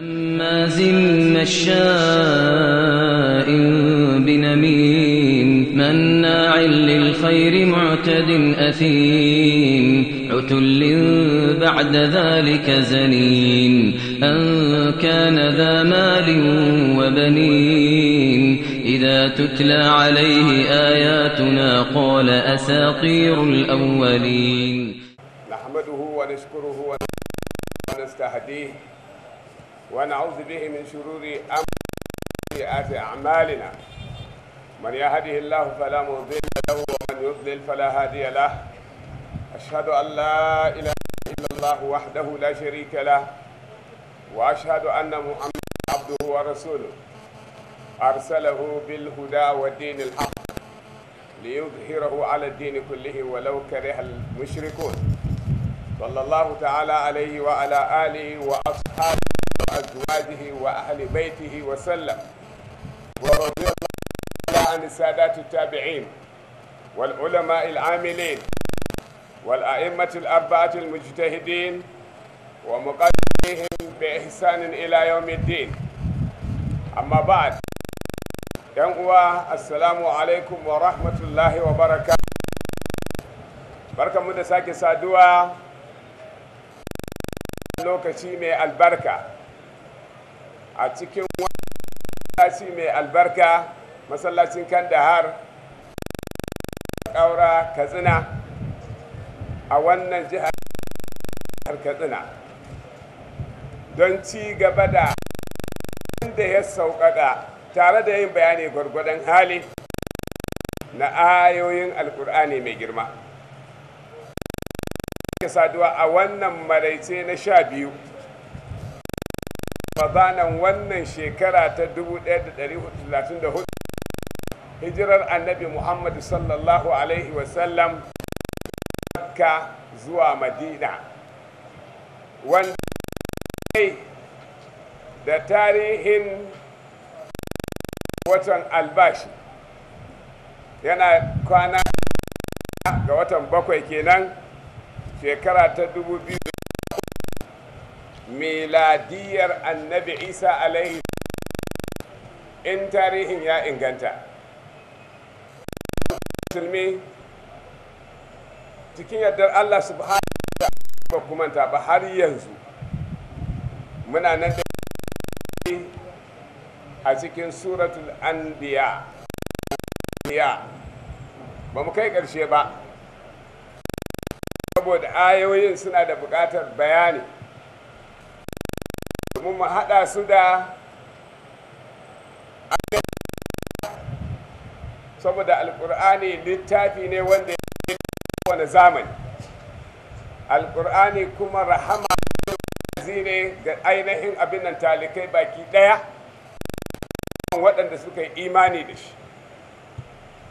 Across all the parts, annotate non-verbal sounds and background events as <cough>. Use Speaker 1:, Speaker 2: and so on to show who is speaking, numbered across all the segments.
Speaker 1: هماز مشاء بنميم مناع للخير معتد أثيم عتل بعد ذلك زنين أن كان ذا مال وبنين إذا تتلى عليه آياتنا قال أساطير الأولين
Speaker 2: نحمده ونشكره ونستهديه ونعوذ به من شرور أنفسنا أعمالنا من يهده الله فلا مضل له ومن يضلل فلا هادي له أشهد أن لا إله إلا الله وحده لا شريك له وأشهد أن محمدا عبده ورسوله أرسله بالهدى والدين الحق ليظهره على الدين كله ولو كره المشركون صلى الله تعالى عليه وعلى آله وأصحابه وأزواجه وأهل بيته وسلم ورضي الله عن السادات التابعين والعلماء العاملين والأئمة الأربعة المجتهدين ومقدميهم بإحسان إلى يوم الدين أما بعد uwa assalamu alaikum wa rahmatullahi wa baraka barkanmu da sake saduwa lokaci mai albarka a cikin wani mai albarka masallacin kandahar ƙaura katsina a wannan jihar katsina don ci gaba da wanda ya sauƙaƙa tare da yin bayani gwargwadon hali na ayoyin Alƙur'ani mai girma. ke saduwa a wannan maraice na sha biyu ramadanan wannan shekara ta 1434 hijirar annabi muhammadu sallallahu alaihi wasallam ka zuwa madina wanda da tarihin watan albashi yana kwana ga watan bakwai kenan shekara ta 2000 miladiyar annabi isa alaihi in tarihin ya inganta musulmi cikin yardar allah subhanahu wa kumanta ba har yanzu muna nan da a cikin suratul anbiya ba mu kai ƙarshe ba saboda ayoyin suna da buƙatar bayani kuma haɗa su da saboda alkur'ani littafi ne wanda ya wani zamani alkur'ani kuma rahama ne ga ainihin abin talikai baki ɗaya waɗanda suka yi imani da shi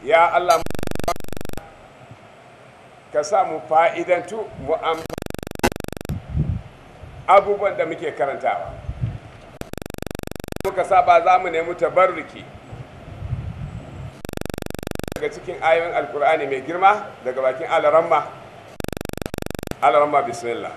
Speaker 2: ya allah ka sa mu fa'idantu mu abubuwan da muke karantawa sa saba za mu nemi tabarruki daga cikin ayoyin alkur'ani mai girma daga bakin alaramma alaramma bismillah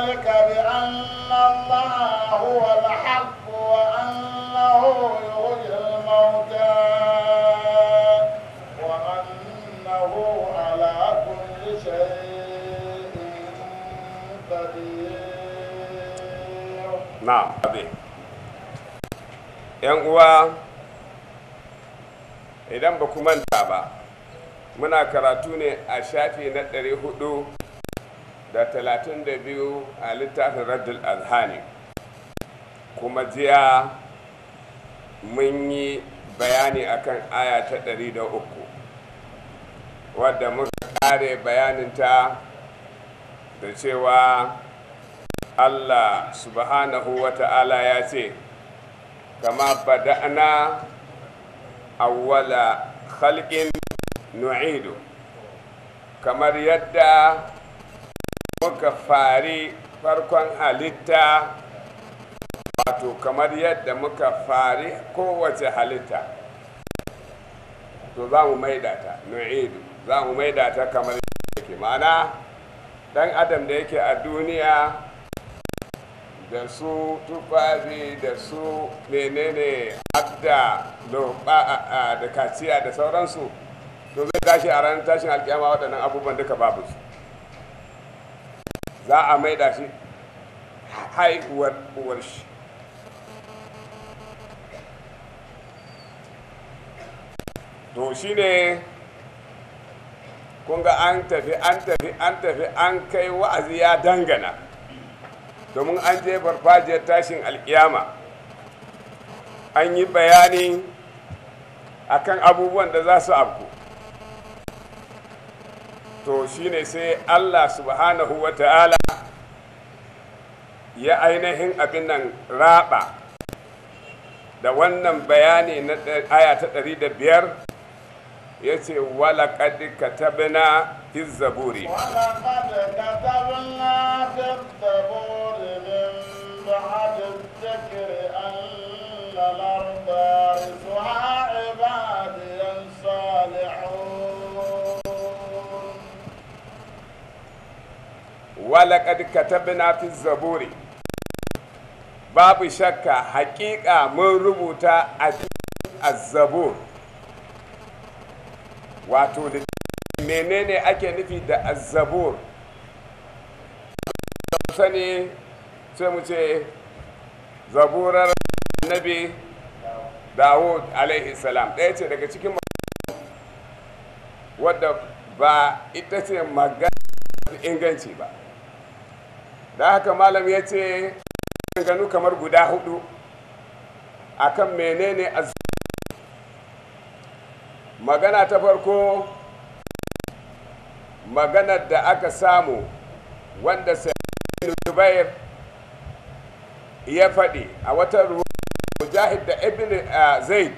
Speaker 1: ذلك بأن الله هو الحق وأنه يحيي الموتى وأنه على كل شيء قدير
Speaker 2: نعم yan uwa idan ba ku manta ba muna karatu ne a shafi na 400 da talatin da biyu a littafin raddul azhani kuma jiya mun yi bayani akan aya ta ɗari da uku wadda muka kare bayaninta da cewa allah subhanahu wa ta'ala ya ce kama bada'na awwala khalqin nu'idu kamar yadda muka fari farkon halitta wato kamar yadda muka fari kowace halitta to za mu maida nu'idu za mu maida kamar yake mana dan adam da yake a duniya da su tufafi da su menene abda da kaciya da sauransu to zai tashi a ranar tashin alkiyama waɗannan abubuwan duka babu su za a maida shi haihuwar uwar shi to shi ne kunga an tafi an tafi an tafi an kai wa'azi ya dangana domin an je farfajiyar tashin alkiyama an yi bayani akan abubuwan da za su abu to shi ne sai allah subhanahu wa ta'ala ya ainihin abin nan raba da wannan bayani na aya ta ɗari da biyar ya ce wala kadi katabna fi zaburi wala kadi katabna fi zaburi min zaburi babu shakka hakika mun rubuta a azzabur wato menene ake nufi da azzabur sani sai mu ce zaburar annabi dawud alaihi salam ɗaya ce daga cikin wadda ba ita ce magana inganci ba da haka malam ya ce maganganu kamar guda hudu akan menene azzalunci magana ta farko maganar da aka samu wanda sa'idun ya faɗi a wata ruwa mujahid da ibn zaid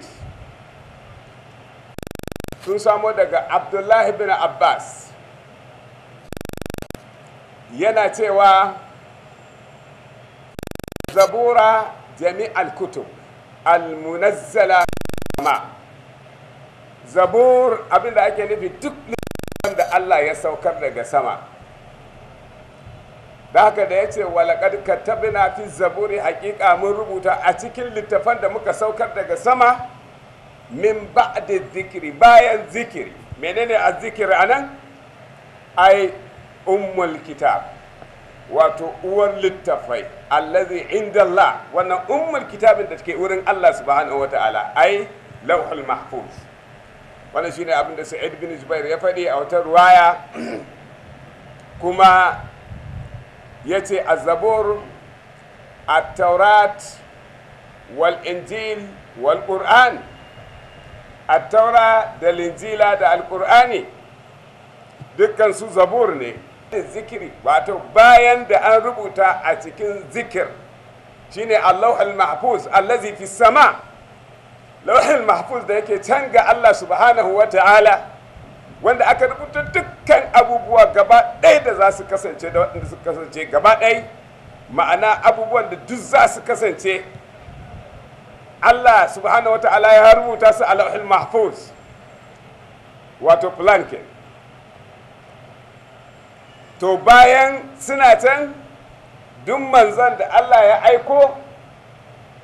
Speaker 2: sun samo daga abdullahi bin abbas yana cewa zabura jami'al kutub al-munazzala ma zabur abinda ake nufi duk littafin da Allah ya saukar daga sama da haka da yace ce walaƙar katabina fi zaburi hakika mun rubuta a cikin littafan da muka saukar daga sama min ba'di zikiri bayan zikiri menene a zikiri anan ai ummul kitab wato uwar littafai allazi inda Allah wannan ummul kitabin da take wurin Allah subhanahu ta'ala ai lauhul mahfuz wannan shine abin da Sa'id bin Jubair ya faɗi a wata ruwaya <clears throat> kuma yace az-zabur at-taurat wal injil wal qur'an at-taura da linjila da al-qur'ani dukkan su zabur ne zikiri wato bayan da an rubuta a cikin zikir shine Allah al-mahfuz allazi fi sama lauhin mahfuz da yake can ga Allah subhanahu wa ta'ala wanda aka rubuta dukkan abubuwa gaba ɗaya da za su kasance da waɗanda su kasance gaba ɗaya ma'ana abubuwan da duk za su kasance Allah subhanahu wa ta'ala ya rubuta su a lauhin mahfuz wato planking to bayan suna can duk manzan da Allah ya aiko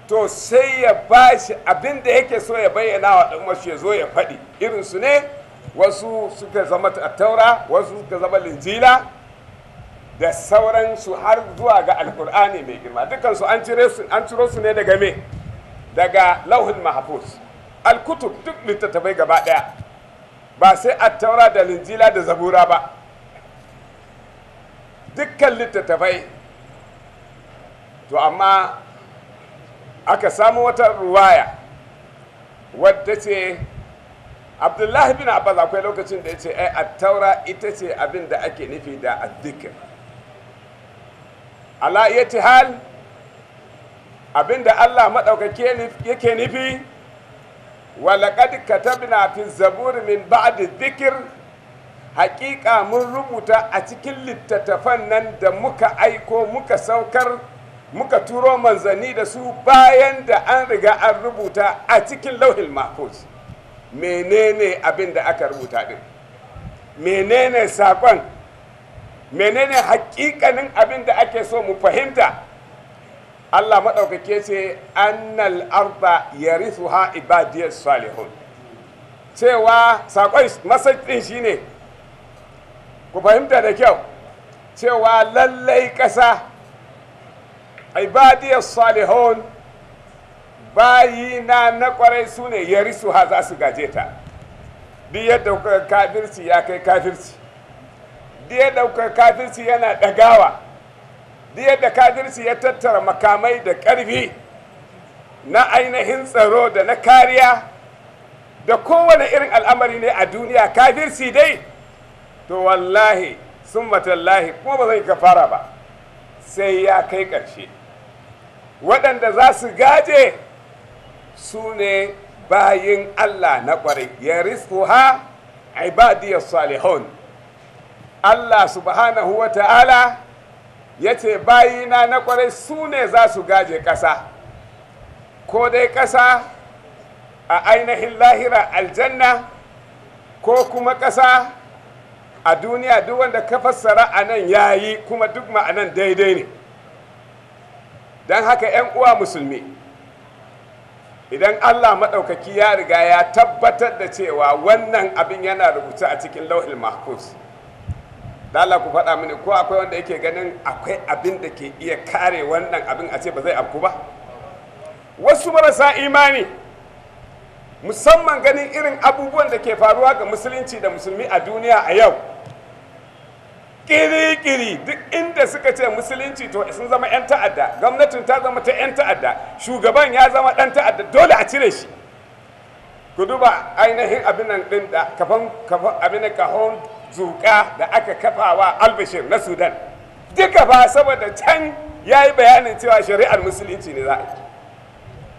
Speaker 2: to sai ya ba shi abin da yake so ya bayyana wa ɗan wasu ya zo ya faɗi irinsu ne wasu suka zama taura wasu suka zama linjila da sauransu har zuwa ga alkur'ani mai girma dukansu an ciro su ne daga me daga lauhin mahafuz alkutub duk littattafai gaba ɗaya ba sai taura da linjila da zabura ba dukkan littattafai to amma aka samu wata ruwaya wadda ce abdullahi bin abbas akwai lokacin da ya ce ai attaura ita ce abin da ake nufi da addikir ala iya hal abin da allah maɗaukaki yake nufi walaƙad katabna fi zaburi min ba'adi dhikr hakika mun rubuta a cikin littattafan nan da muka aiko muka saukar muka turo manzanni da su bayan da an riga an rubuta a cikin lauhin mahfuz menene abin da aka rubuta din menene saƙon menene hakikanin abin da ake so mu fahimta Allah maɗaukake ce annal arda yarithuha ibadiyas salihun cewa saƙon masajin shine ku fahimta da kyau cewa lallai ƙasa ibadiyar salihon bayina na kwarai su ne ya risu ha za su gaje ta duk yadda kafirci ya kai kafirci duk yadda kafirci yana ɗagawa duk yadda kafirci ya tattara makamai da ƙarfi na ainihin tsaro da na kariya da kowane irin al'amari ne a duniya kafirci dai to wallahi sun matallahi kuma ba zai kafara ba sai ya kai ƙarshe waɗanda za su gaje su ne bayin Allah na ƙwarai ya ba ibadiyar salihun Allah subhanahu wa ta'ala ya ce bayina na ƙwarai su ne za su gaje ƙasa ko dai ƙasa a ainihin lahira aljanna ko kuma ƙasa a duniya duk wanda ka fassara a nan ya yi kuma duk ma'anan daidai ne don haka 'yan uwa musulmi idan allah maɗaukaki ya riga ya tabbatar da cewa wannan abin yana rubuta a cikin lauhil mahfuz dala ku faɗa mini ko akwai wanda yake ganin akwai abin da ke iya kare wannan abin a ce ba zai abu ba wasu marasa imani musamman ganin irin abubuwan da ke faruwa ga musulunci da musulmi a duniya a yau kiri duk inda suka ce musulunci to sun zama 'yan ta'adda gwamnatin ta zama ta 'yan ta'adda shugaban ya zama ɗan ta'adda dole a cire shi ku duba ainihin abin nan ɗin da kafan abin da kahon zuka da aka kafawa albashir na sudan duka ba saboda can ya yi bayanin cewa shari'ar musulunci ne za a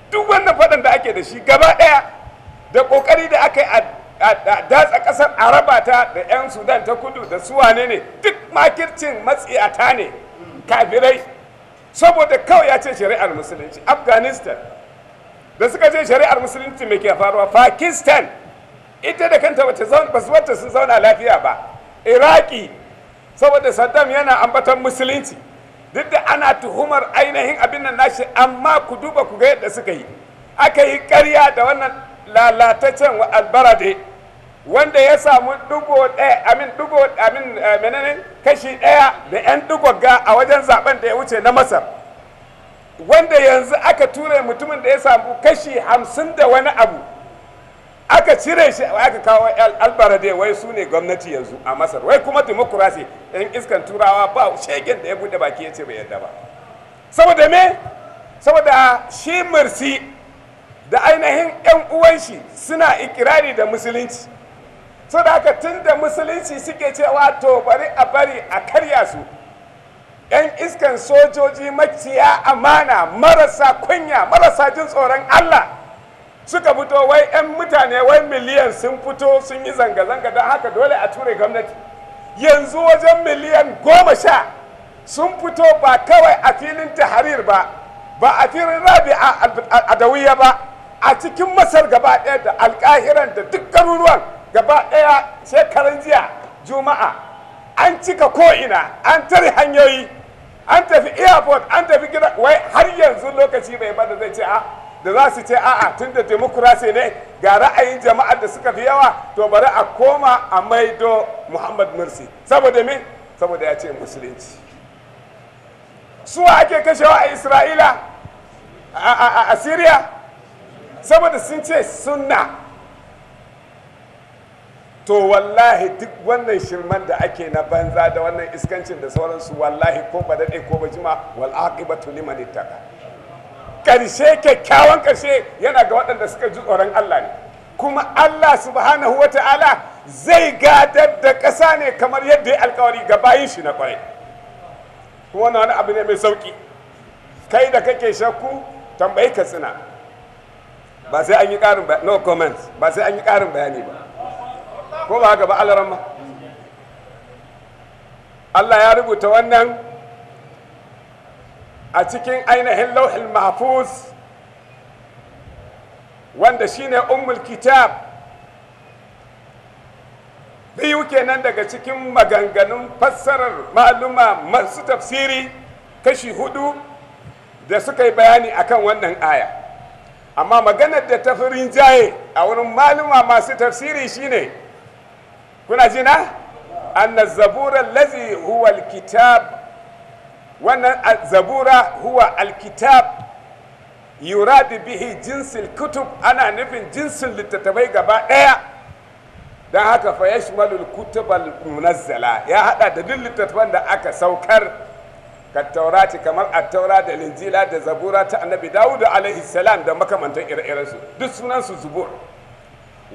Speaker 2: duk wannan faɗan da ake da shi gaba ɗaya da ƙoƙari da aka yi datsa kasar araba ta da 'yan sudan ta kudu da suwane ne duk makircin matsi a ta ne kafirai saboda kawai ya ce shari'ar musulunci afghanistan da suka ce shari'ar musulunci mai ke faruwa pakistan ita da kanta wace wata sun zauna lafiya ba iraki saboda saddam yana ambaton musulunci duk da ana tuhumar ainihin abin nan nashi amma ku duba ku ga yadda suka yi aka yi karya da wannan lalataccen albarade wanda ya samu dugo ɗaya amin dugo amin uh, menene kashi ɗaya da 'yan ga a wajen zaben da ya wuce na masar wanda yanzu aka tura mutumin da ya samu kashi hamsin da wani abu aka cire shi aka kawo albarade wai su ne gwamnati yanzu a masar wai kuma demokrasi yan iskan turawa ba shegen da ya bude baki ya ce bai yadda ba saboda me saboda shi mursi da ainihin yan uwan shi suna ikirari da musulunci so da tun da musulunci suke cewa to bari a bari a karya su yan iskan sojoji maciya amana marasa kunya marasa jin tsoron allah suka fito wai 'yan mutane wai miliyan sun fito sun yi zanga-zanga don haka dole a ture gwamnati yanzu wajen miliyan goma sha sun fito ba kawai a filin taharir ba ba a filin rabi a adawiya ba a cikin masar gaba ɗaya da alƙahiran da duk garuruwan gaba ɗaya shekaran jiya juma'a an cika ko'ina an tare hanyoyi an tafi airport an tafi gida wai har yanzu lokaci bai bada zai ce a da za su ce a'a tun da demokrasi ne ga ra'ayin jama'ar da suka fi yawa to bari a koma a maido muhammad mursi saboda min saboda ya ce musulunci suwa ake kashewa a isra'ila a syria saboda sun ce sunna to wallahi duk wannan shirman da ake na banza da wannan iskancin da sauransu wallahi ko ba daɗe ko ba jima wal aqibatu liman ittaqa karshe kyakkyawan ƙarshe yana ga waɗanda suka ji tsoron Allah ne kuma Allah subhanahu ta'ala zai gadar da ƙasa ne kamar yadda ya alkawari ga bayin shi na kwarai kuma wani abu ne mai sauki kai da kake shakku tambayi ka tsina ba sai an yi ƙarin no comments ba sai an yi ƙarin bayani ba ko ba gaba alaran ma Allah ya rubuta wannan a cikin ainihin lauhin mahfuz wanda shine ummul kitab biyu kenan daga cikin maganganun fassarar maluma masu tafsiri kashi hudu da suka yi bayani akan wannan aya amma maganar da tafi rinjaye a wurin maluma masu tafsiri shine kuna jina? na anna zabura lazi huwa alkitab wannan zabura huwa alkitab bihi jinsil kutub ana nufin jinsin littattafai gaba ɗaya don haka fa yashmalul kutubal munazzala ya hada da duk littattafan da aka saukar ka taurati kamar attaura da linjila da zabura ta annabi dawud alaihi salam da makamantan ire-irensu duk sunan su zubur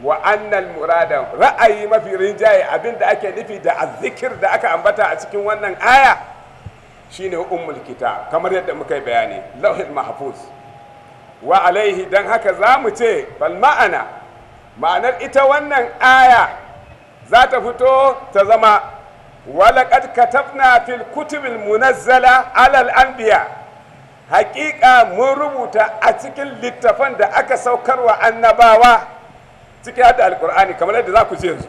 Speaker 2: wa annal murada ra'ayi mafi rinjaye abinda ake nufi da azzikir da aka ambata a cikin wannan aya shine ummul kitab kamar yadda muka yi bayani lauhin mahfuz wa alaihi dan haka za mu ce bal ma'ana ma'anar ita wannan aya za ta fito ta zama walaƙad katabna fil kutubil munazzala alal anbiya haƙiƙa mun rubuta a cikin littafan da aka saukarwa annabawa ciki hada alkur'ani kamar yadda za ku ji yanzu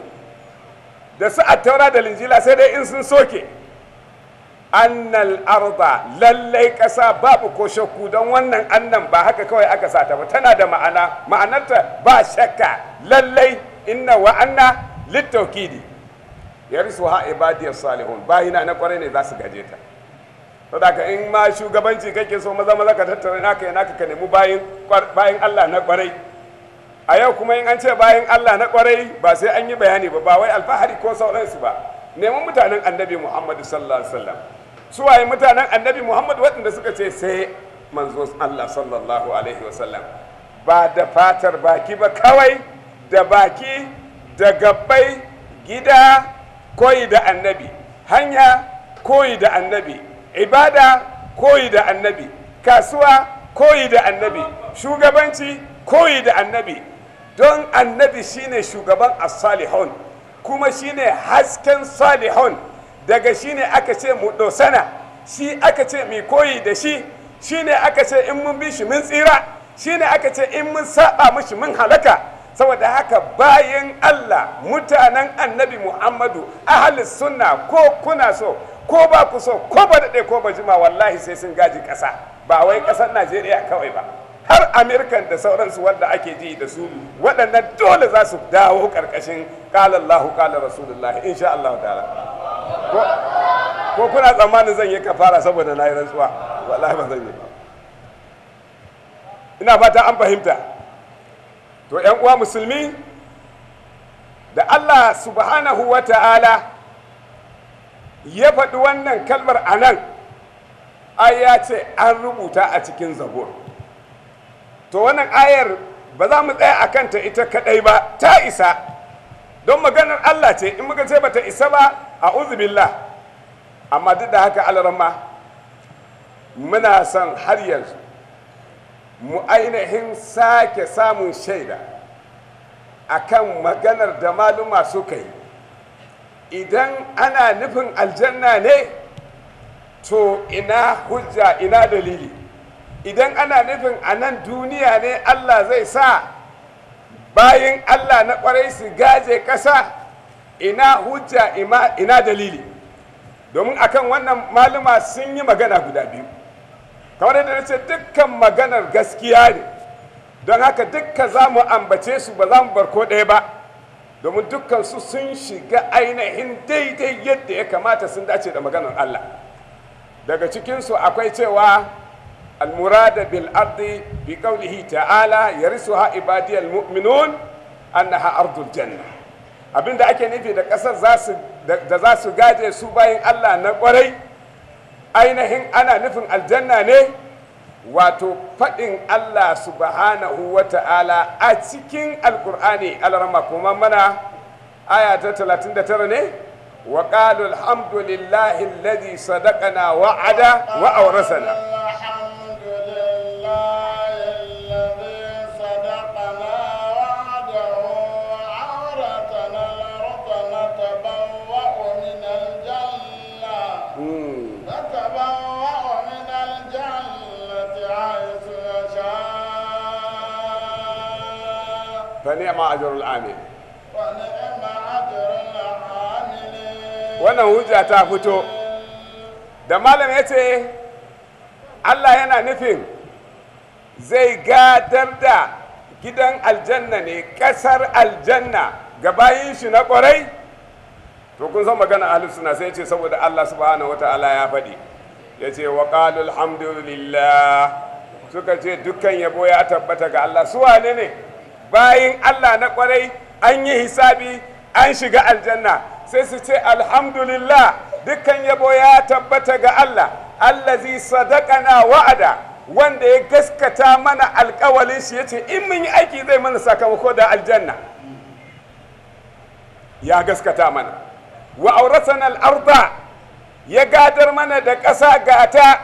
Speaker 2: da su attaura da linjila sai dai in sun soke annal arba lallai kasa babu ko shakku don wannan annan ba haka kawai aka sata ba tana da ma'ana ma'anarta ba shakka lallai inna wa anna littaukidi ya risu ha ibadiyar salihun bayina na kwarai ne za su gaje ta saboda in ma shugabanci kake so maza maza ka tattara naka ka nemi bayin Allah na kwarai a yau kuma in an ce bayan Allah na kwarai ba sai an yi bayani ba ba wai alfahari ko sauransu ba neman mutanen annabi Muhammadu sallallahu alaihi wasallam waye mutanen annabi Muhammadu waɗanda suka ce sai manzo Allah sallallahu alaihi wasallam ba da fatar baki ba kawai da baki da gabbai gida koyi da annabi hanya koyi da annabi ibada koyi da annabi kasuwa koyi da annabi shugabanci koyi da annabi don annabi shine shugaban as-salihun kuma shine hasken salihun daga shine aka ce mu dosana shi aka ce mai koyi da shi shine aka ce in mun bi shi mun tsira shine aka ce in mun saba mishi mun halaka saboda haka bayan Allah mutanen annabi Muhammadu ahalis sunna ko kuna so ko ba ku so ko ba daɗe ko ba jima wallahi sai sun gaji kasa. ba wai ƙasar Najeriya kawai ba. har amerikan da sauransu wanda ake ji da su waɗannan dole za su dawo ƙarƙashin ƙalallahu ƙalar rasulullahi insha Allah ta'ala ko kuna tsammanin zan yi kafara saboda na yi rantsuwa wallahi ba zan yi ina fata an fahimta to yan uwa musulmi da Allah subhanahu wa ta'ala ya faɗi wannan kalmar anan ai ya ce an rubuta a cikin zabur to wannan ayar ba za mu tsaya a kanta ita kadai ba ta isa don maganar Allah ce in muka ce bata isa ba a uzubillah amma duk da haka alarama muna son har yanzu mu ainihin sake samun shaida akan maganar da maluma suka yi idan ana nufin aljanna ne to ina hujja ina dalili idan ana nufin a nan duniya ne allah zai sa bayan allah na kwarai su gaje ƙasa ina hujja ina dalili domin akan wannan maluma sun yi magana guda biyu kamar da ce dukkan maganar gaskiya ne don haka dukka za mu ambace su ba za mu bar ko ɗaya ba domin dukkan su sun shiga ainihin daidai yadda ya kamata sun dace da maganar allah daga cikinsu akwai cewa المراد بالأرض بقوله تعالى يرثها عبادي المؤمنون أنها أرض الجنة abinda ake nufi da ƙasar da za su gaje su bayan Allah na ƙwarai ainihin ana nufin aljanna ne wato faɗin Allah subhanahu wa ta'ala a cikin alkur'ani alarama kuma mana aya ta 39 ne wa qalu alhamdulillahi alladhi sadaqana wa'ada wa فنعم أجر العامل wannan hujja ta fito da malam ya ce allah yana nufin zai gadar da gidan aljanna ne kasar aljanna ga bayin shi na kwarai to kun san magana ahlus suna sai ce saboda Allah subhanahu wataala ya faɗi yace ce wa qalu alhamdulillah suka ce dukkan yabo ya tabbata ga Allah su wane ne bayin Allah na kwarai an yi hisabi an shiga aljanna sai su ce alhamdulillah dukkan yabo ya tabbata ga Allah allazi sadaqana wa'ada wanda ya gaskata mana alkawalin shi ya ce in mun yi aiki zai mana sakamako da aljanna ya gaskata mana wa auratan al'arda ya gadar mana da ƙasa gata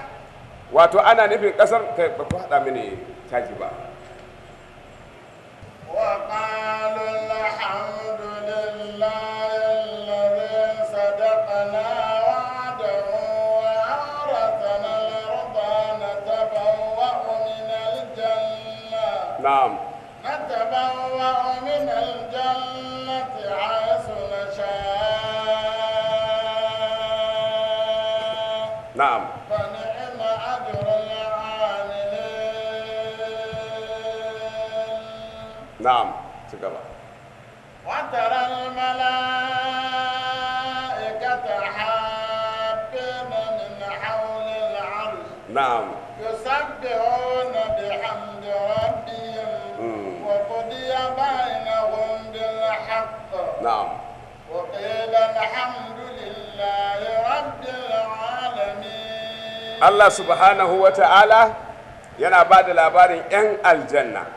Speaker 2: wato ana nufin ƙasar kai ba ku haɗa mini caji ba
Speaker 1: وقالوا الحمد لله نعم نتبوأ من الجنة حيث نشاء
Speaker 2: نعم فنعم
Speaker 1: أجر العاملين
Speaker 2: نعم تقرأ
Speaker 1: وترى الملائكة حابين من حول العرش نعم يسبحون بحمد ربي نعم وقيل الحمد لله رب العالمين
Speaker 2: الله سبحانه وتعالى yana ba da labarin 'yan aljanna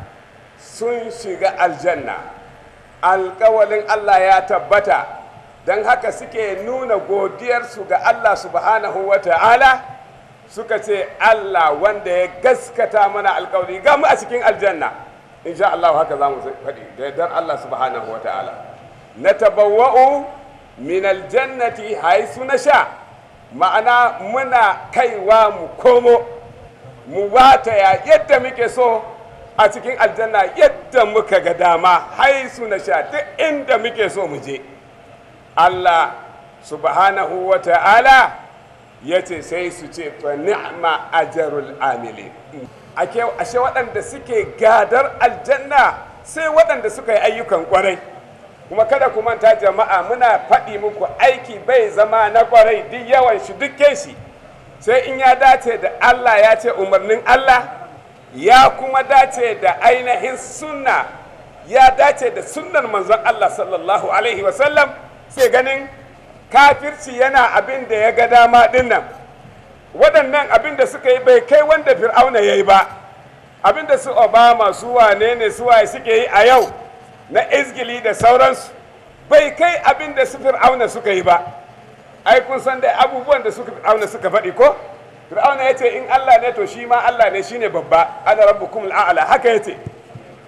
Speaker 2: sun shiga aljanna alkawalin Allah ya tabbata don haka suke nuna godiyarsu ga Allah subhanahu wa ta'ala suka ce Allah wanda ya gaskata mana alkawari ga mu a cikin aljanna insha Allah haka za mu faɗi da yardar Allah subhanahu wa ta'ala natabawwa'u min aljannati haisu sha ma'ana muna kaiwa mu komo mu wataya yadda muke so a cikin aljanna yadda muka ga dama haisu sha duk inda muke so mu je Allah subhanahu wa ta'ala ya ce sai su ce fa ni'ma ajarul amili ashe waɗanda suke gadar aljanna sai waɗanda suka yi ayyukan ƙwarai kuma kada ku manta jama'a muna faɗi muku aiki bai zama na kwarai duk yawan shi duk shi sai in ya dace da Allah ya ce umarnin Allah ya kuma dace da ainihin sunna ya dace da sunnar manzon Allah sallallahu alaihi wasallam sai ganin kafirci yana abin da ya ga dama dinnan waɗannan abin da suka yi bai kai wanda fir'auna ya yi ba abin da su obama su wane ne su waye suke yi a yau na izgili da sauransu bai kai abin da su fir'auna suka yi ba ai kun san da abubuwan da su fir'auna suka faɗi ko fir'auna ya ce in allah ne to shi ma allah ne shine babba ana rabbukum al'ala haka ya ce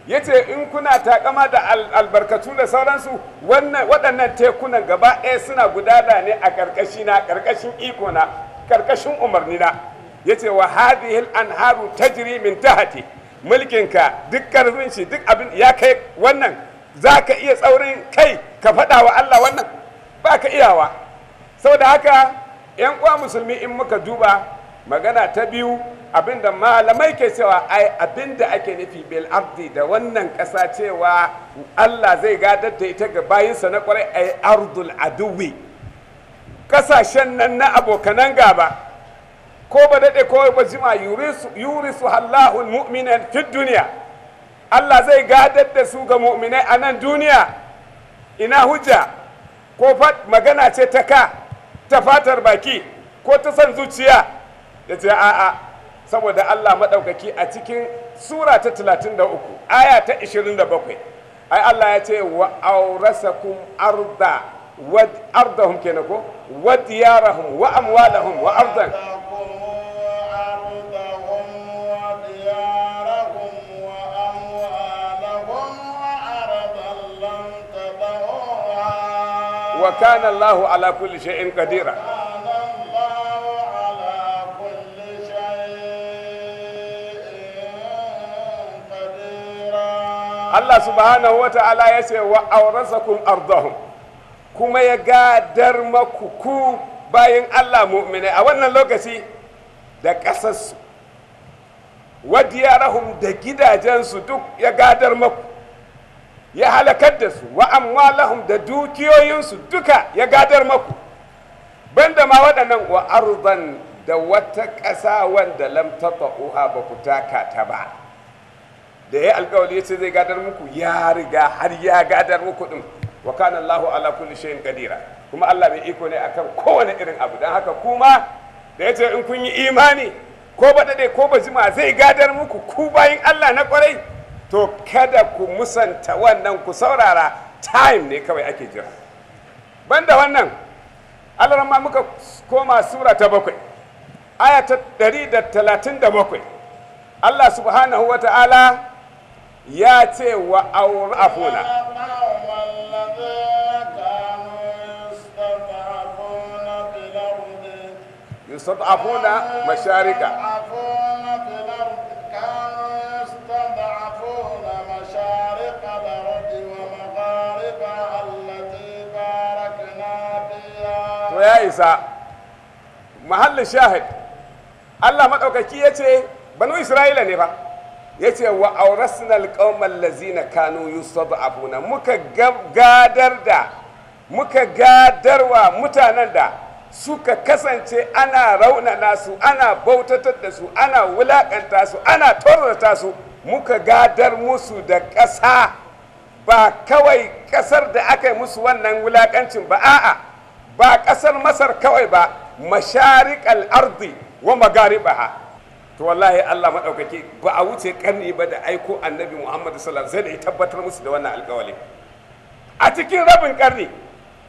Speaker 2: ya ce in kuna takama da albarkatu da sauransu waɗannan tekunan gaba ɗaya suna gudana ne a ƙarƙashi na ƙarƙashin iko na ƙarƙashin umarni na ya ce wa hadihil anharu tajri min tahati mulkinka duk karfin shi duk abin ya kai wannan za ka iya tsaurin kai ka faɗa wa Allah wannan ba ka iyawa Sau da haka 'yan uwa musulmi in muka duba magana ta biyu abinda malamai ke cewa ai abinda ake nufi bil abdi da wannan ƙasa cewa Allah zai gadar da ita ga bayinsa na kwarai ai ardul aduwi ƙasashen nan na abokanan gaba ko ba daɗe ko ba jima yurisu hallahu mu'minan fi duniya Allah zai gadar da su ga mu'minai a nan duniya ina hujja ko magana ce ta ka ta fatar baki ko ta san zuciya ya ce a'a saboda Allah maɗaukaki a cikin sura ta 33 aya ta 27 ai Allah ya ce wa aurasakum arda wad ardahum kenako wa diyarahum wa amwalahum wa ardan وكان الله على كل شيء قديرا Allah subhanahu wa ta'ala ya ce wa kun ardahum kuma ya gadar maku bayan Allah mu'mine a wannan lokaci da ƙasarsu wadiyarahum da gidajensu duk ya gadar maku ya halakar da su wa da dukiyoyinsu duka ya gadar maku banda ma waɗannan wa da wata ƙasa wanda lam tata'uha ba ku taka ta ba da ya alƙawari ya ce zai gadar muku ya riga har ya gadar muku din wa kana Allahu ala kulli shay'in kuma Allah mai iko ne akan kowane irin abu dan haka kuma da ya ce in kun yi imani ko ba daɗe ko ba jima zai gadar muku ku bayin Allah na kwarai to kada ku musanta wannan ku saurara time ne kawai ake jira banda wannan Allah ma muka koma sura ta bakwai aya ta ɗari da talatin da bakwai Allah subhanahu wa ta'ala ya ce wa aurafuna يستضعفون مشارقا ya isa muhallin shahid Allah maɗaukaki yace ban banu isra'ila ne ba ya wa aurasun alƙawar lazina kanu yusuf abu na muka gadar da muka gadarwa mutanen da suka kasance ana raunana su ana bautatar da su ana wulakanta su ana torata su muka gadar musu da ƙasa ba kawai ƙasar da aka yi musu wannan wulakancin ba a'a ba ƙasar masar kawai ba masharikal ardi wa magaribaha to wallahi Allah maɗaukaki ba a wuce ƙarni ba da aiko annabi Muhammad sallallahu alaihi wasallam zai tabbatar musu da wannan alƙawali a cikin rabin karni.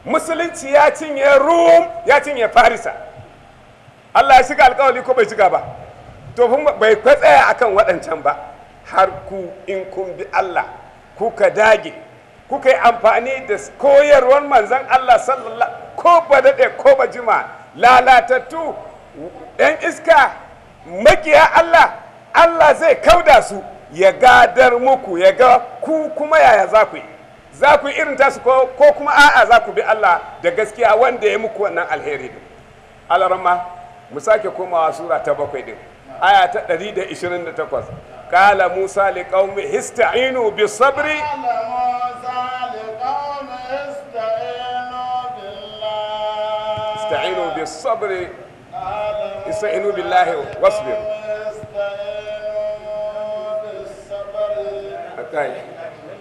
Speaker 2: musulunci ya cinye rum ya cinye farisa allah ya shiga alkawali ko bai shiga ba to bai kwatsaya akan waɗancan ba har ku in kun bi allah kuka dage kuka yi amfani da koyarwar manzan allah sallallahu ko ba daɗe ko ba jima lalatattu ɗan iska makiya allah allah zai kauda su ya gadar muku ya ga ku kuma yaya za ku yi za ku irin tasu ko kuma a'a za ku bi Allah da gaskiya wanda ya muku wannan alheri din alarma mu sake komawa sura ta bakwai din aya ta 128 qala musa liqaumi ista'inu bis sabri ista'inu bis sabri ista'inu billahi wasbiru Okay.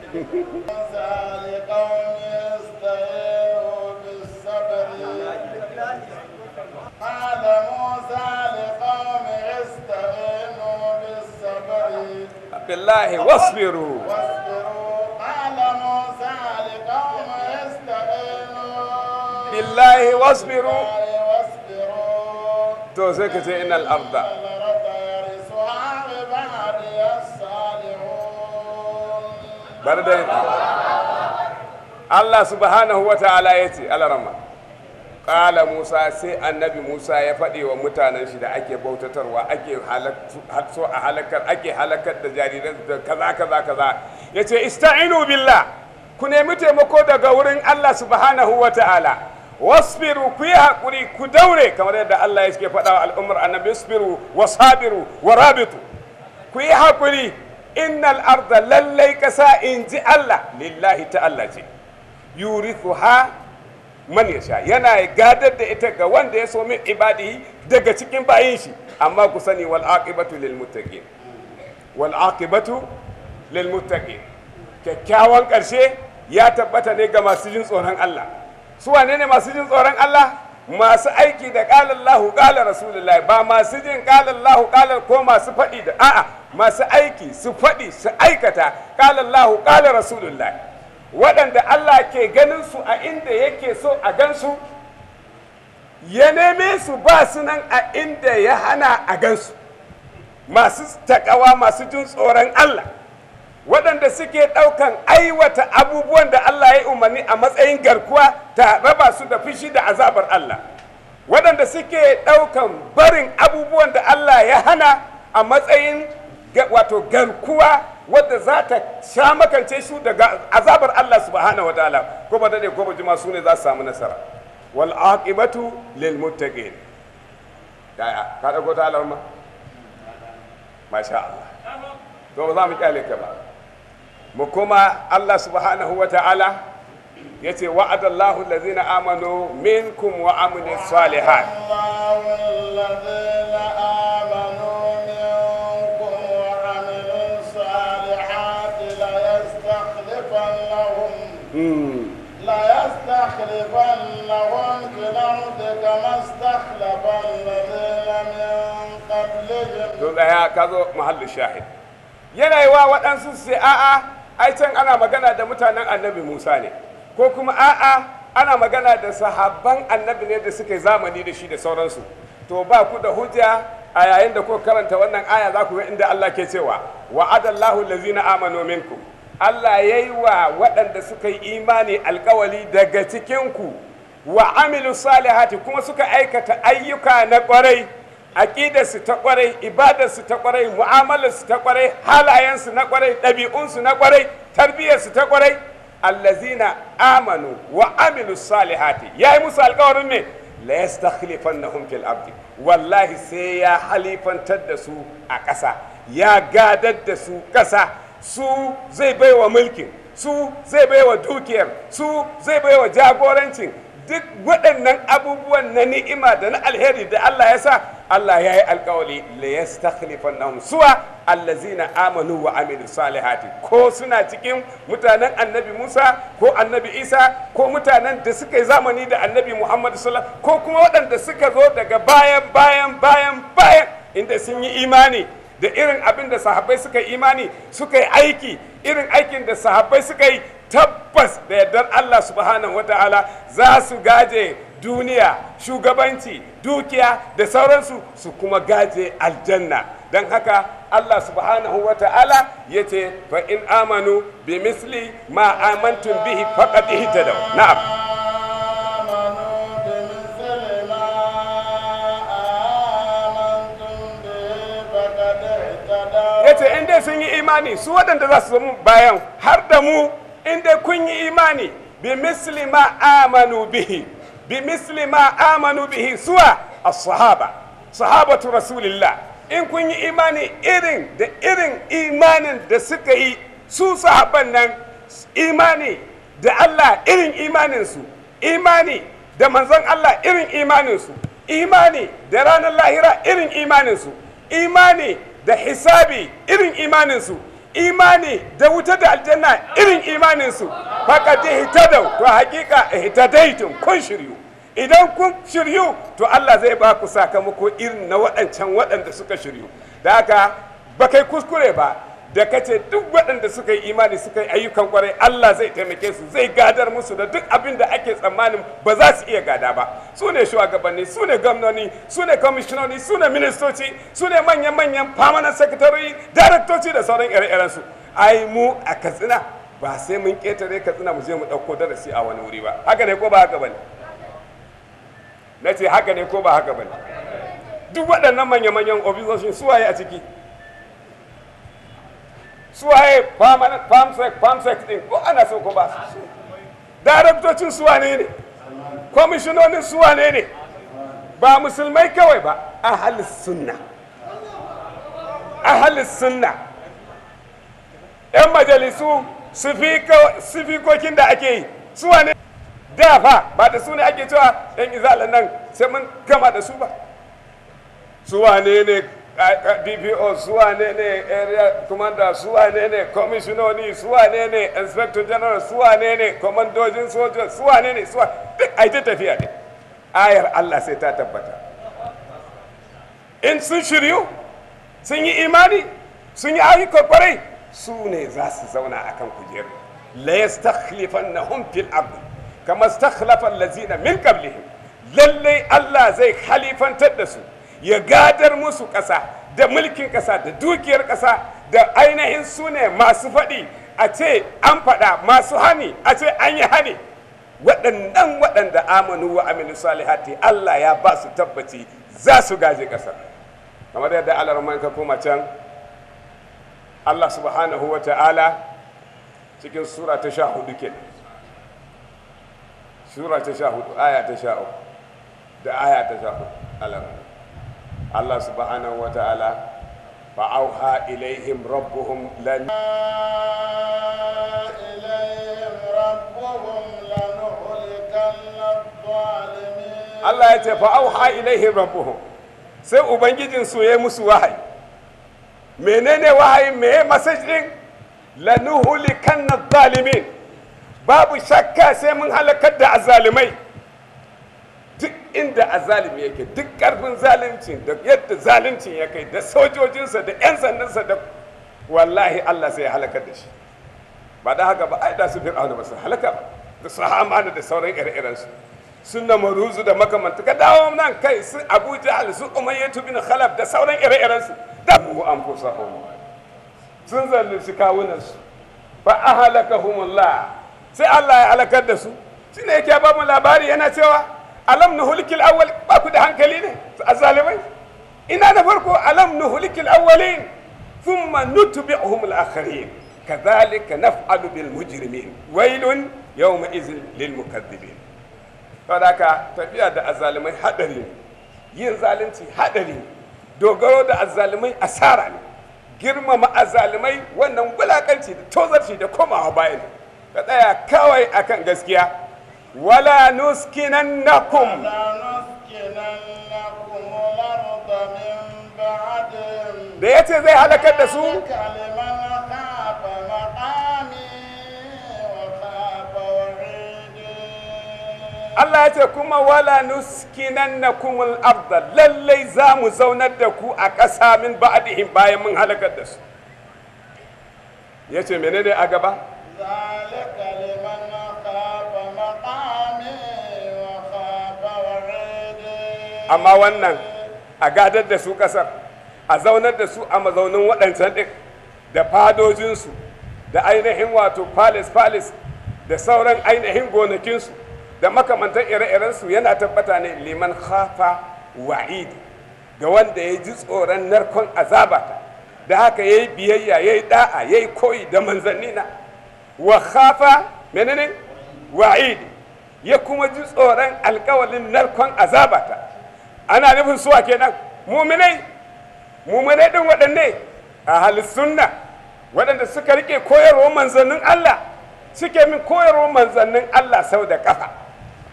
Speaker 1: لقوم استعينوا بالصبر
Speaker 2: بالله واصبروا بالله واصبروا توزكت ان الارض bari
Speaker 1: da
Speaker 2: Allah subhanahu wa ta'ala ya ce alarama ƙala Musa sai annabi Musa ya faɗi wa mutanen shi da ake bautatarwa ake so a halakar ake halakar da jariran da kaza kaza kaza ya ce ista'inu billa ku nemi taimako daga wurin Allah subhanahu wa ta'ala wasbiru ku yi haƙuri ku daure kamar yadda Allah ya ke faɗa al'ummar annabi wasbiru wasabiru warabitu ku yi haƙuri innal arda lallai kasa in ji Allah lillahi ta Allah ce yurithu ha man yasha yana gadar da ita ga wanda ya so min ibadihi daga cikin bayin shi amma ku sani wal aqibatu lil muttaqin wal aqibatu lil muttaqin kyakkyawan karshe ya tabbata ne ga masu jin tsoron Allah su wane ne masu jin tsoron Allah masu aiki da Allahu qala rasulullahi ba masu jin Allahu qala ko masu faɗi da a'a masu aiki su faɗi su aikata kala Allahu rasulullah waɗanda Allah ke ganin su a inda yake so a gansu ya neme su ba su nan a inda ya hana a gansu masu taƙawa masu jin tsoron Allah waɗanda suke ɗaukan aiwata abubuwan da Allah ya umarni a matsayin garkuwa ta raba su da fushi da azabar Allah waɗanda suke ɗaukan barin abubuwan da Allah ya hana a matsayin wato garkuwa wadda za ta sha makance shi daga azabar Allah subhanahu wa ta'ala ko ba daɗe ko ba jima su ne za su samu nasara wal aqibatu lil muttaqin daya ka dago ta alarma masha Allah to ba za mu kyale ka ba mu kuma Allah subhanahu wa ta'ala yace wa'adallahu allazina amanu minkum wa amilus salihat
Speaker 1: Allahu allazina amanu لأستخلفنهم في الأرض كما استخلف الذين من قبلهم
Speaker 2: يا كذو محل الشاهد wa waɗansu sai a'a ai can ana magana da mutanen annabi musa ne ko kuma a'a ana magana da sahabban annabi ne da suka yi zamani da shi da sauransu to ba ku da hujja a yayin da kuka karanta wannan aya za ku ga inda allah ke cewa wa'adallahu lazina amanu minkum Allah ya yi wa waɗanda suka yi imani alkawali daga cikinku wa amilu salihati kuma suka aikata ayyuka na ƙwarai aƙidarsu ta ƙwarai ibadarsu ta ƙwarai mu'amalarsu ta ƙwarai halayensu na ƙwarai ɗabi'unsu na ƙwarai tarbiyyarsu ta ƙwarai allazina amanu wa amilu salihati ya yi musu alkawarin ne la yastakhlifannahum fil abdi wallahi sai ya halifantar da su a ƙasa ya gadar da su ƙasa su zai baiwa mulkin su zai baiwa dukiyar su zai baiwa jagorancin duk waɗannan abubuwan na ni'ima da na alheri da Allah ya sa Allah ya yi alkawali la yastakhlifan nahum suwa allazina amanu wa amilu salihati ko suna cikin mutanen annabi Musa ko annabi Isa ko mutanen da suka yi zamani da annabi Muhammad sallallahu ko kuma waɗanda suka zo daga bayan bayan bayan bayan inda sun yi imani da irin abin da sahabbai suka yi imani suka yi aiki irin aikin da sahabbai suka yi tabbas da yardar Allah subhanahu wataala za su gaje duniya shugabanci dukiya da sauransu su kuma gaje aljanna don haka Allah subhanahu wataala ya ce fa in amanu bi misli ma amantun bihi faqad ihtadaw na'am yace ce in dai sun yi imani su waɗanda za su zama bayan har da mu in dai kun yi imani bi misli ma amanu bihi bi misli ma amanu bihi suwa as-sahaba sahabatu rasulillah in kun yi imani irin da irin imanin da suka yi su sahaban nan imani da Allah irin imaninsu imani da manzon Allah irin imaninsu imani da ranar lahira irin imaninsu imani da hisabi irin imaninsu imani da wuta da aljanna irin imaninsu hita ihtadaw to haƙiƙa ihtadaitum kun shiryu idan kun shiryu to Allah zai ba ku sakamako irin na waɗancan waɗanda suka shiryu da haka ba kai kuskure ba da kace duk waɗanda suka yi imani suka yi ayyukan kwarai Allah zai taimake su zai gadar musu da duk abin da ake tsammanin ba za su iya gada ba su ne shugabanni su ne gwamnoni su ne kwamishinoni su ne ministoci su ne manyan-manyan permanent secretary daraktoci da sauran ire-iren su ai mu a katsina ba sai mun ketare katsina mu je mu ɗauko darasi a wani wuri ba haka ne ko ba haka bane na ce haka ne ko ba haka bane duk waɗannan manya-manyan ofisoshin waye a ciki suwaye farm sec din ko ana so ko ba su daraktocin su wane ne kwamishinonin su wane ne ba musulmai kawai ba ahalis sunna ahalis sunna yan majalisu sifikokin da ake yi su wane dafa ba da su ne ake cewa yan izalan nan sai mun kama da su ba su wane ne dpo suwa ne ne area commander suwa ne ne commissiononi suwa ne ne inspector general suwa ne ne commandojin soja suwa ne ne suwa duk a ta tafiya ne ayar allah sai ta tabbata in sun shiryu sun yi imani sun yi ayyukan kwarai su ne za su zauna a kan kujeru la yastakhlifannahum fil ard kama stakhlafa allazina min qablihim lallai allah zai khalifantar da su ya gadar musu ƙasa da mulkin ƙasa da dukiyar ƙasa da ainihin su ne masu faɗi a ce an faɗa masu hani a ce an yi hani waɗannan waɗanda amanu wa aminu salihati Allah ya ba su tabbaci za su gaje ƙasa kamar yadda alarman ka koma can Allah subhanahu wa ta'ala cikin sura ta sha hudu ke sura ta sha hudu aya ta sha da aya ta sha hudu Allah subhanahu wa ta'ala fa'auha ilaihim rabbuhum lan Allah ya ce fa fa'auha ilaihim rabbuhum sai ubangijin su ya musu wahayi menene wahayi meye message din lanuhulikanna zalimin babu shakka sai mun halakar da azzalimai duk inda azalimi yake duk karfin zalunci da yadda zaluncin ya kai da sojojinsa da 'yan sandansa da wallahi Allah sai ya halakar da shi ba da haka ba ai da su fir'auna ba su halaka ba da su hamana da sauran ire-iren su sun na maruzu da makamanta ka dawo nan kai su abu jahal su umayyatu bin khalaf da sauran ire-iren su da mu an fusa sun zalunci kawunan su fa ahalakahumullah sai Allah ya halakar da su shine yake ba mu labari yana cewa alam nuhlikil awali ba ku da hankali ne azzalimai ina da farko alam nuhlikil awwalin thumma nutbi'uhum al-akharin kadhalika naf'alu bil mujrimin wailun ma izin lil mukaththibin to da tafiya da azalimai haɗari, yin zalunci haɗari, dogaro da azalimai asara ne girmama azalimai wannan wulakanci da tozarci da komawa bayan ka tsaya kawai akan gaskiya ولا نسكننكم
Speaker 1: da ya ce zai halakar da su
Speaker 2: Allah ya ce kuma wala nuskinan na kumul arda lallai za mu zaunar da ku a ƙasa min ba'adihim bayan mun halakar da su ya ce menene a gaba? amma wannan a gadar da su kasar a zaunar da su a mazaunin waɗancan ɗin da fadojinsu da ainihin wato palace palace da sauran ainihin gonakinsu da makamantar ire-irensu yana tabbata ne liman khafa wa'id ga wanda ya ji tsoron narkon azabata da haka ya yi biyayya ya yi da'a ya yi koyi da na wa khafa menene wa'id ya kuma ji tsoron alkawalin narkon azabata ana nufin suwa kenan muminai muminai din waɗanne a halittunna waɗanda suka rike koyarwar manzannin Allah suke min koyarwar manzannin Allah sau da ƙafa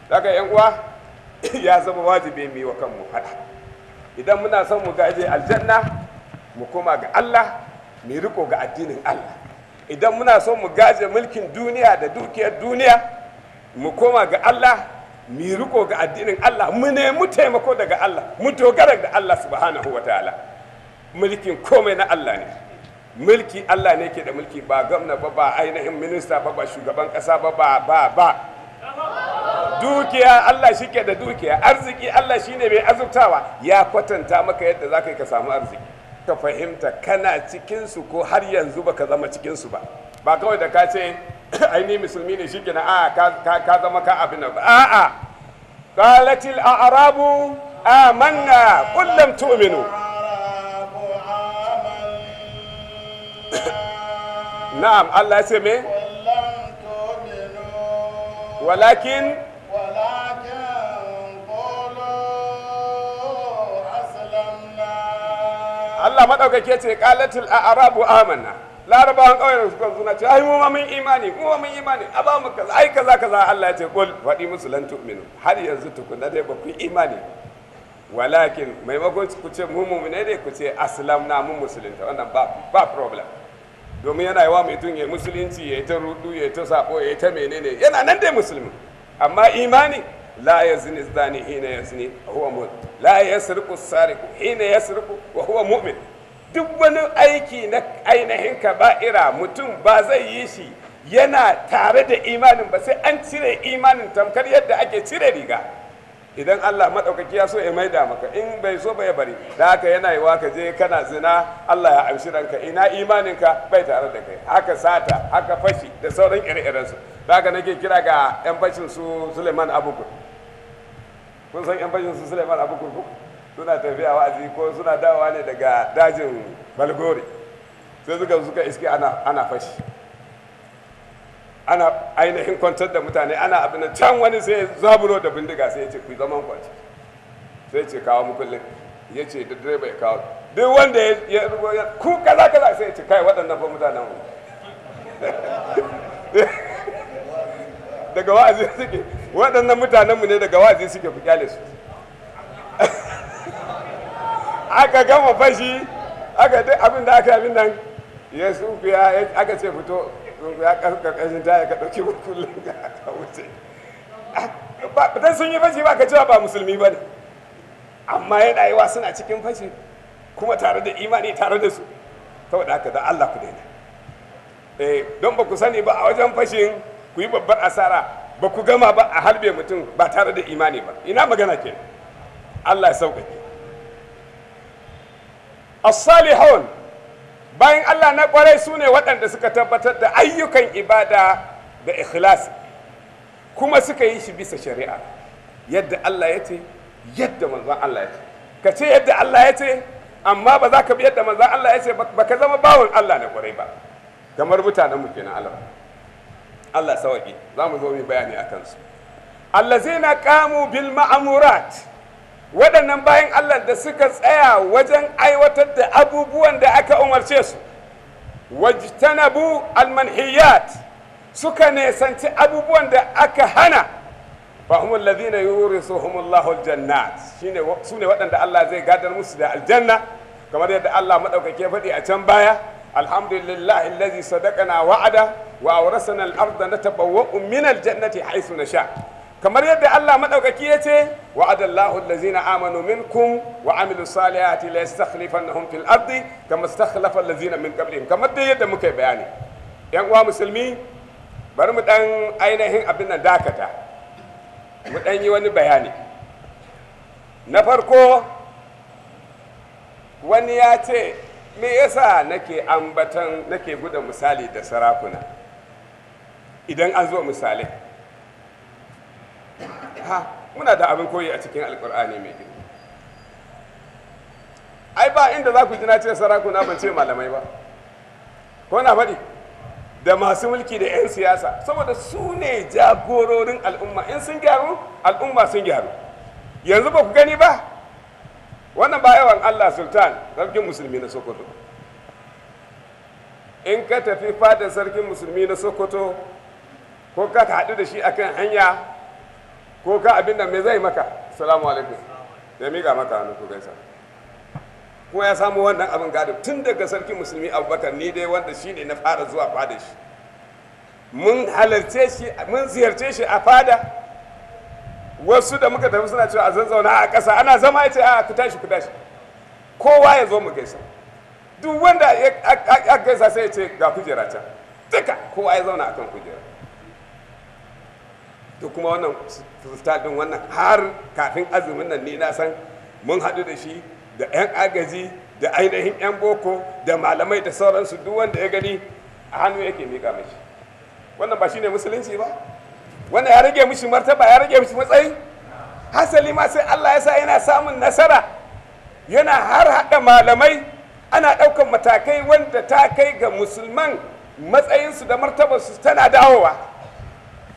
Speaker 2: daga yan uwa <coughs> ya zama wajibi mu yi wa kanmu idan muna son mu gaje aljanna mu koma ga Allah mu riko ga addinin Allah idan muna son mu gaje mulkin duniya da dukiyar duniya mu koma ga Allah mu riko ga addinin Allah mu nemi taimako daga Allah mu dogara da Allah subhanahu ta'ala mulkin komai na Allah ne mulki Allah ne ke da mulki ba gwamna ba ba ainihin minista ba ba shugaban kasa ba ba ba ba dukiya Allah shi ke da dukiya arziki Allah shi ne mai azurtawa ya kwatanta maka yadda zaka ka yi ka samu arziki ka fahimta kana cikinsu ko har yanzu ba ka zama cikinsu ba ba kawai da ka ce <clears throat> aini musulmi ne shi kenan a ka zama ka abin nan a'a qalatil a'rabu amanna qul lam tu'minu <clears throat> na'am Allah ya ce me walakin Allah maɗaukake ce ƙalatul a'rabu amanna larabawan kawai da suka suna ce ai mu ma mun imani mu ma mun imani a ba mu kaza ai kaza kaza Allah ya ce qul faɗi musu lan tu'minu har yanzu da dai ba ku imani walakin maimakon ku ce mu mu ne ku ce aslamna mu musulunta wannan ba ba problem domin yana yawa tun ya musulunci ya ta rudu ya ta sako ya ta menene yana nan dai musulmi amma imani la yazni zani hina yazni huwa mu'min la yasriqu sariqu hina yasriqu wa huwa mu'min duk wani aiki na ainihin ira mutum ba zai yi shi yana tare da imanin ba sai an cire imanin tamkar yadda ake cire riga idan Allah maɗaukaki ya so ya maida maka in bai so ba ya bari da haka yana yi ka je kana zina Allah ya amshi ranka ina imaninka bai tare da kai haka sata haka fashi da sauran ire-irensu da haka nake kira ga 'yan bacin su Suleiman abubuwa kun san 'yan su Suleiman suna tafiya wa'azi ko suna dawowa ne daga dajin balgore sai suka suka iske ana fashi ana ainihin kwantar da mutane ana abin da can wani sai zaburo da bindiga sai ya ce ku zaman kwanci sai ce kawo mukullin ya ce da direba ya kawo duk wanda ya ku kaza kaza sai ya ce kai waɗannan fa mutanen mu <laughs> daga wa'azi suke waɗannan mutanen mu ne daga wa'azi suke ku kyale su aka gama fashi aka duk abin da aka abin nan ya sufiya aka ce fito sunkuya ta taya ka ɗauki kullum <laughs> ka wuce dan sun yi fashi ba ka cewa ba musulmi ba ne amma yana yiwa suna cikin fashi kuma tare da imani tare da su saboda haka da Allah ku daina eh, don ba ku sani ba a wajen fashin ku yi babbar asara ba ku gama ba a halbe mutum ba tare da imani ba ina magana ke Allah ya sauƙaƙe as-salihun bayan Allah na kwarai su ne waɗanda suka tabbatar da ayyukan ibada da ikhlasi kuma suka yi shi bisa shari'a yadda Allah ya ce yadda manzon Allah ya ce ka ce yadda Allah ya ce amma ba za ka bi yadda manzon Allah ya ce ba ka zama bawon Allah na kwarai ba kamar mutanen mu kenan Allah Allah sawaki za mu zo mu bayani akan su allazina qamu bil ma'murat waɗannan bayan allah da suka tsaya wajen aiwatar da abubuwan da aka umarce su wajtanabu almanhiyat suka nesanci abubuwan da aka hana fahimul ladina yurisuhumullahu aljannat shine su ne waɗanda Allah zai gadar musu da aljanna kamar yadda Allah madaukake faɗi a can baya alhamdulillahi allazi sadaqana wa'ada wa awrasana al-ardha natabawwa'u min al-jannati haythu nasha' kamar yadda Allah maɗaukaki ya ce wa'adallahu allazina amanu minkum wa amilu salihati la yastakhlifannahum fil ardi kama istakhlafa allazina min qablihim kamar dai yadda muka bayani yan uwa musulmi bari mu dan ainihin abin nan dakata mu dan yi wani bayani na farko wani ya ce me yasa nake ambatan nake guda misali da sarakuna idan an zo misalai ha muna da abin koyi a cikin alkur'ani mai girma ai ba inda za ku ji na ce sarakuna ban ce malamai ba ko na faɗi da masu mulki da 'yan siyasa saboda su ne jagororin al'umma in sun gyaru al'umma sun gyaru yanzu ba ku gani ba wannan ba yawan allah sultan sarkin musulmi na sokoto in ka tafi fadar sarkin musulmi na sokoto ko ka haɗu da shi akan hanya ko ka abin da me zai maka salamu alaikum ya miƙa maka hannu ku gaisa kuma ya samu wannan abin gado tun daga sarki musulmi abubakar ni dai wanda shi ne na fara zuwa fada shi mun halarce shi mun ziyarce shi a fada wasu da muka tafi suna cewa a zazzauna a ƙasa ana zama ya ce a ku tashi ku tashi kowa ya zo mu gaisa duk wanda ya gaisa sai ya ce ga kujera can duka kowa ya zauna akan kujera to kuma wannan din wannan har kafin azumin nan ne na san mun hadu da shi da 'yan agaji da ainihin 'yan boko da malamai da sauransu duk wanda ya gani a hannu yake miƙa mashi wannan ba shi ne musulunci ba wannan ya rage mishi martaba ya rage mishi matsayi hasali ma sai Allah ya sa yana samun nasara yana har haɗa malamai ana ɗaukar matakai wanda ta kai ga musulman matsayinsu da martabarsu tana dawowa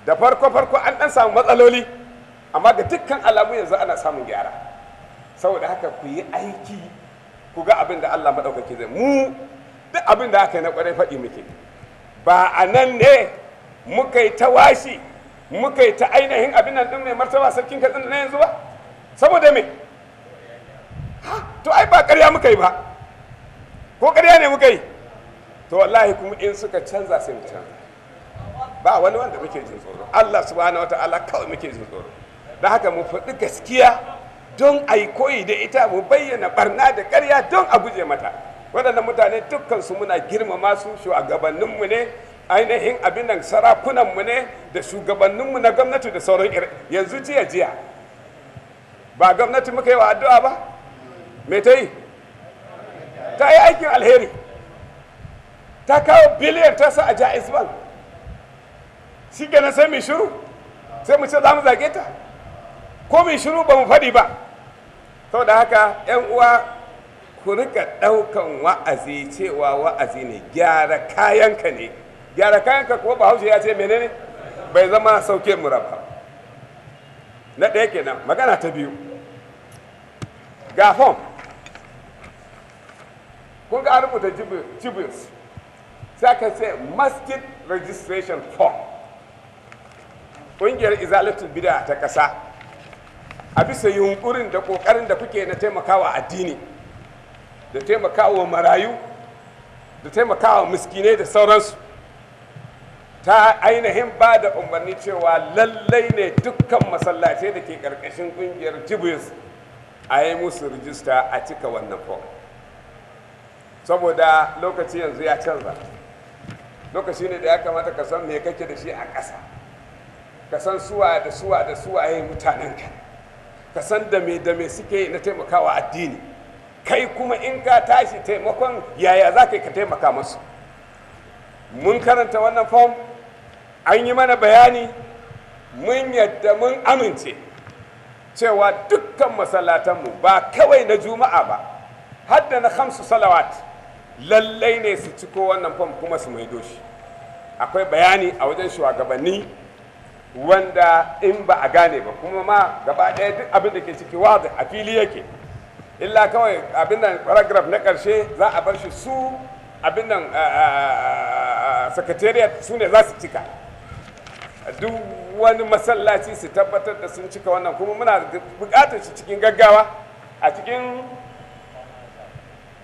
Speaker 2: da farko farko an dan samu matsaloli amma ga dukkan alamu yanzu ana samun gyara saboda haka ku yi aiki ku ga abin da Allah maɗaukaki zai mu duk abin da aka yi na kware faɗi muke ba a nan ne muka yi ta washi muka yi ta ainihin abin nan ɗin mai martaba sarkin katsin na yanzu ba saboda me to ai ba ƙarya muka yi ba ko ƙarya ne muka yi to wallahi kuma in suka canza sai mu canza ba wani wanda muke jin tsoro Allah subhanahu wataala kawai muke jin tsoro da haka mu faɗi gaskiya don a yi koyi da ita mu bayyana barna da ƙarya don a guje mata waɗannan mutane dukkansu muna girmama su mu ne ainihin abin nan mu ne da shugabannin mu na gwamnati da sauran yanzu jiya jiya ba gwamnati muka yi wa addu'a ba me ta yi ta yi aikin alheri ta kawo biliyan ta sa a jaiz bank shi na sai mai shiru sai mu ce za mu zage ta ko mai shiru ba mu faɗi ba Sau da haka 'yan uwa ku rika ɗaukan wa'azi cewa wa'azi ne gyara kayanka ne gyara kayanka ko bahaushe ya ce menene bai zama sauke mura na ɗaya kenan magana ta biyu ga fom kun ga rubuta jibins sai aka ce masjid registration form ƙungiyar izalatul bid'a ta ƙasa a bisa yunkurin da ƙoƙarin da kuke na taimakawa addini da taimakawa marayu da taimakawa miskinai da sauransu ta ainihin ba da umarni cewa lallai ne dukkan masallacai da ke ƙarƙashin ƙungiyar jibis a yi musu rijista a cika wannan fom saboda lokaci yanzu ya canza lokaci ne da ya kamata ka san me kake da shi a ƙasa ka san suwa da suwa da suwaye mutanen ka san da me da me suke na taimakawa addini kai kuma in ka tashi taimakon yaya za ka ka taimaka masu mun karanta wannan fom an yi mana bayani mun yadda mun amince cewa dukkan masallatanmu ba kawai na juma'a ba har na hamsu salawat lallai ne su ciko wannan fom kuma su mai shi akwai bayani a wajen shugabanni wanda in ba a gane ba kuma ma gaba ɗaya duk abin da ke ciki wazi a fili yake illa kawai abin nan paragraf na ƙarshe za a bar shi su abin nan secretariat su ne za su cika duk wani masallaci su tabbatar da sun cika wannan kuma muna buƙatar shi cikin gaggawa a cikin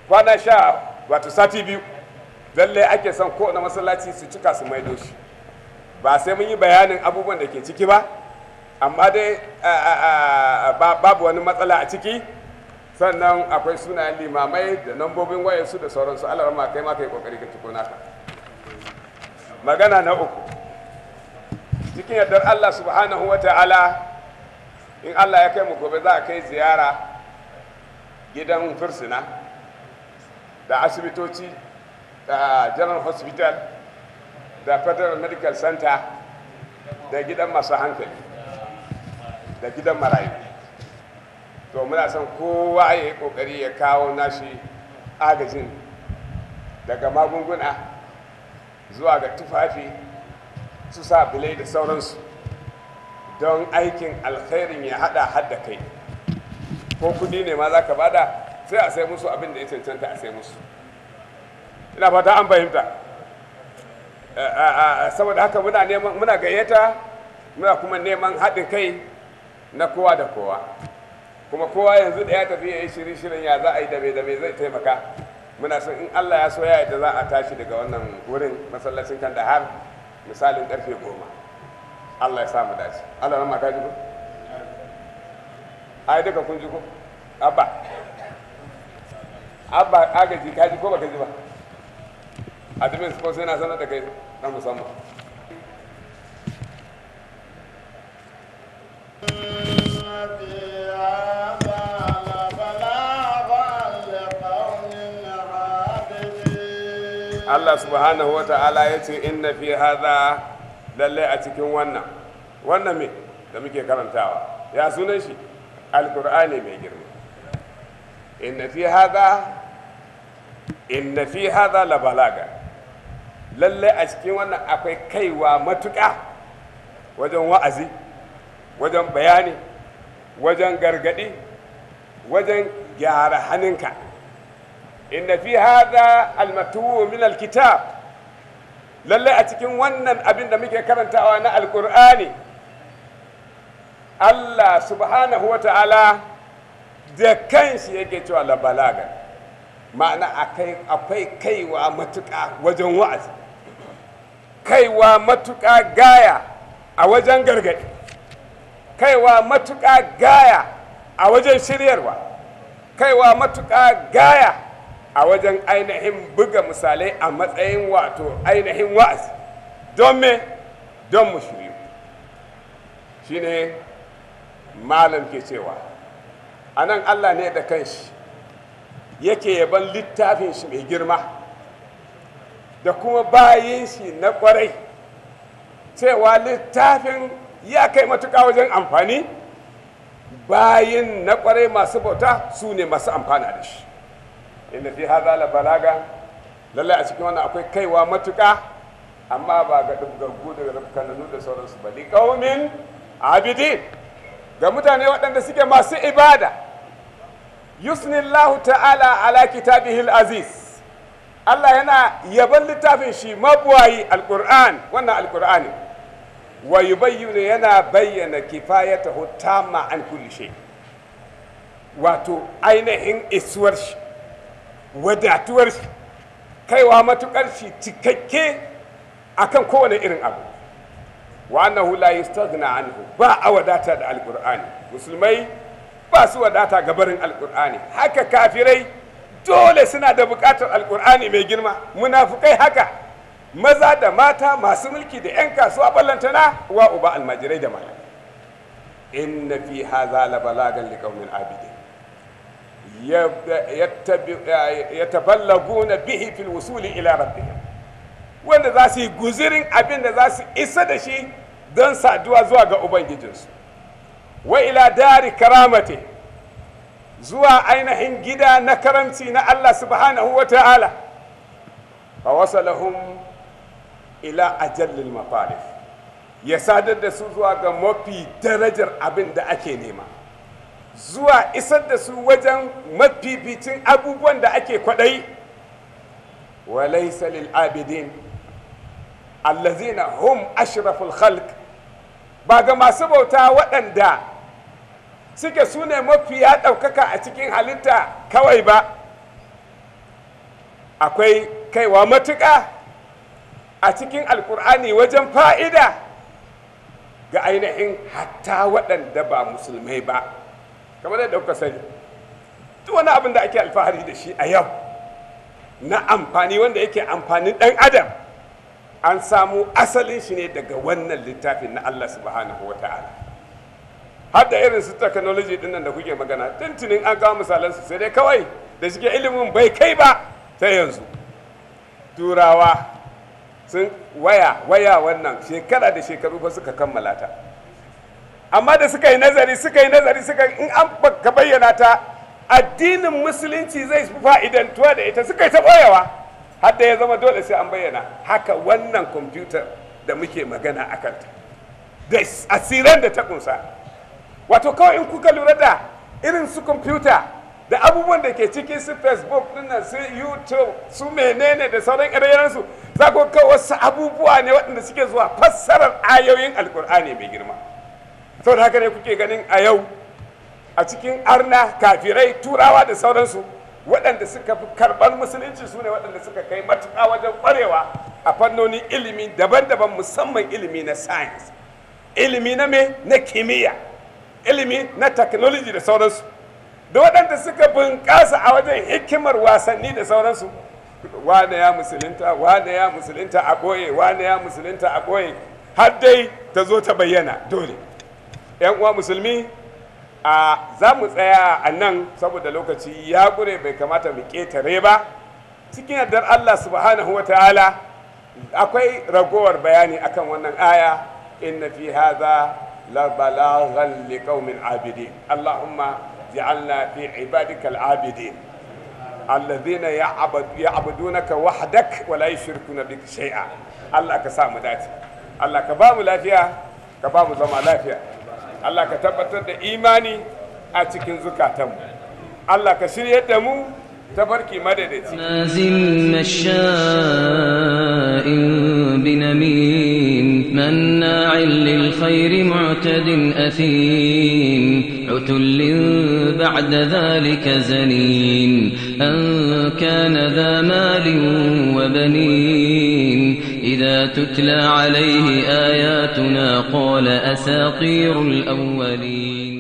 Speaker 2: kwana sha wato sati biyu lallai ake son ko na masallaci su cika su maido shi ba sai mun yi bayanin abubuwan da ke ciki ba amma dai babu wani matsala a ciki sannan akwai sunayen limamai da nambobin wayansu da sauransu alarma kai ma yi kokari ka ciko naka magana na uku cikin yardar allah subhanahu wa ta'ala in allah ya kai mu gobe za a kai ziyara gidan fursuna da asibitoci da general hospital da federal medical center da gidan masu hankali da gidan marayu to muna son kowa ya yi kokari ya kawo nashi agajin daga magunguna zuwa ga tufafi su sa bilai da sauransu don aikin alkhairin ya hada hadda kai ko kudi ne ma za ka bada sai a sai musu abin da ya cancanta a sai musu ina fata an fahimta Eh, eh, eh, saboda haka muna neman muna gayyata muna kuma neman haɗin kai na kowa da kowa kuma kowa yanzu da ya tafi ya yi shirin shirin ya za a yi da me da zai taimaka muna son in Allah ya so ya yadda za a tashi daga wannan wurin masallacin kan da har misalin karfe goma Allah ya samu dace Allah na maka ji ko ai duka kun ji ko abba abba agaji ka ji ko baka ji ba su sports na sanar da kai na musamman Allah subhanahu wa ta'ala ya ce inna fi hadha lalle a cikin wannan wannan me da muke karantawa ya sunan shi alkur'ani mai girma inna fi hadha inna fi hadha la balaga lallai a cikin wannan akwai kaiwa matuƙa wajen wa'azi wajen bayani wajen gargaɗi wajen gyara hannunka inda fi hada almatuwu min alkitab lallai a cikin wannan abin da muke karantawa na alkur'ani allah subhanahu wa ta'ala da kanshi yake cewa labalaga ma'ana akwai kaiwa matuƙa wajen wa'azi kaiwa matuƙa gaya a wajen gargaɗi kaiwa matuƙa gaya a wajen shiryarwa kaiwa matuƙa gaya a wajen ainihin buga misalai a matsayin wato ainihin wa'azi don me don mu shiryu shine malam ke cewa a nan allah ne da kanshi yake yaban littafin shi mai girma da kuma bayin shi na kwarai cewa littafin ya kai matuka wajen amfani bayin na kwarai masu bauta su ne masu amfana da shi inda fi haza la balaga lallai a cikin wannan akwai kaiwa matuka, amma ba ga dubgaggu daga rafkananu da sauransu ba liƙaumin abidi ga mutane waɗanda suke masu ibada yusnillahu ta'ala ala kitabihil aziz Allah yana yaban littafin shi mabuwayi alkur'an wannan alkur'ani wa yi bayyana yana bayyana kifayata tamma an kulli wato ainihin isuwar shi wadatuwar shi kaiwa matukar shi cikakke kan kowane irin abu wa annahu la yastaghna anhu ba a wadata da alkur'ani musulmai ba su wadata gabarin alkur'ani haka kafirai dole suna da buƙatar alkur'ani mai girma munafukai haka maza da mata masu mulki da 'yan kasuwa ballantana wa uba almajirai da mata inna fi haza la balagan li qaumin abidin na bihi fil wusuli ila rabbihim wanda za su yi guzirin abin da za su isa da shi don saduwa zuwa ga ubangijinsu wa ila dari karamati zuwa ainihin gida na karamci na Allah subhanahu wa ta'ala fa lahun ila ajallil mafarif ya sadar da su zuwa ga mafi darajar abin da ake nema zuwa isar da su wajen mafificin abubuwan da ake kwaɗayi walaisa lil abidin allazina hum ashraful khalq ba ga masu bauta waɗanda suke sune ne mafiya ɗaukaka a cikin halitta kawai ba akwai kaiwa matuƙa a cikin alkur'ani wajen fa'ida ga ainihin hatta waɗanda ba musulmai ba kamar da ɗauka sani duk wani abin da ake alfahari da shi a yau na amfani wanda yake amfanin ɗan adam an samu asalin shi ne daga wannan littafin na allah subhanahu wa ta'ala har da irin su technology din da kuke magana tuntunin an kawo misalan su sai dai kawai da shige ilimin bai kai ba ta yanzu turawa sun waya waya wannan shekara da shekaru ba suka kammala ta amma da suka yi nazari suka yi nazari suka in an ka bayyana ta addinin musulunci zai fi fa'idan fa'idantuwa da ita suka yi ta boyewa har da ya zama dole sai an bayyana haka wannan computer da muke magana a kanta da asiran da ta kunsa wato kawai in kuka lura da irin su kwamfuta da abubuwan da ke cikin su facebook dinnan su youtube su menene da sauran ƙarayen su za ku kawo wasu abubuwa ne waɗanda suke zuwa fassarar ayoyin alkur'ani mai girma saboda haka ne kuke ganin a yau a cikin arna kafirai turawa da sauransu waɗanda suka fi karɓar musulunci su ne waɗanda suka kai matuƙa wajen ƙwarewa a fannoni ilimi daban-daban musamman ilimi na science ilimi na me na kimiyya ilimi na technology da sauransu da waɗanda suka bunƙasa a wajen hikimar wasanni da sauransu wane ya musulunta wane ya musulunta a ɓoye wane ya musulunta a ɓoye har dai ta zo ta bayyana dole yan uwa musulmi a za mu tsaya a nan saboda lokaci ya ƙure bai kamata mu ƙetare ba cikin yardar allah subhanahu wa ta'ala akwai ragowar bayani akan wannan aya inna fi haza. لبلاغا لقوم العابدين اللهم اجعلنا في عبادك العابدين الذين يعبد يعبدونك وحدك ولا يشركون بك شيئا الله كسام داتي الله كبام لافيا كبام زما لافيا الله كتبتر da imani a cikin zukatanmu Allah ka shiryar da mu tabarki madadaci nazim
Speaker 1: masha'in binami مناع للخير معتد أثيم عتل بعد ذلك زنين أن كان ذا مال وبنين إذا تتلى عليه آياتنا قال أساطير الأولين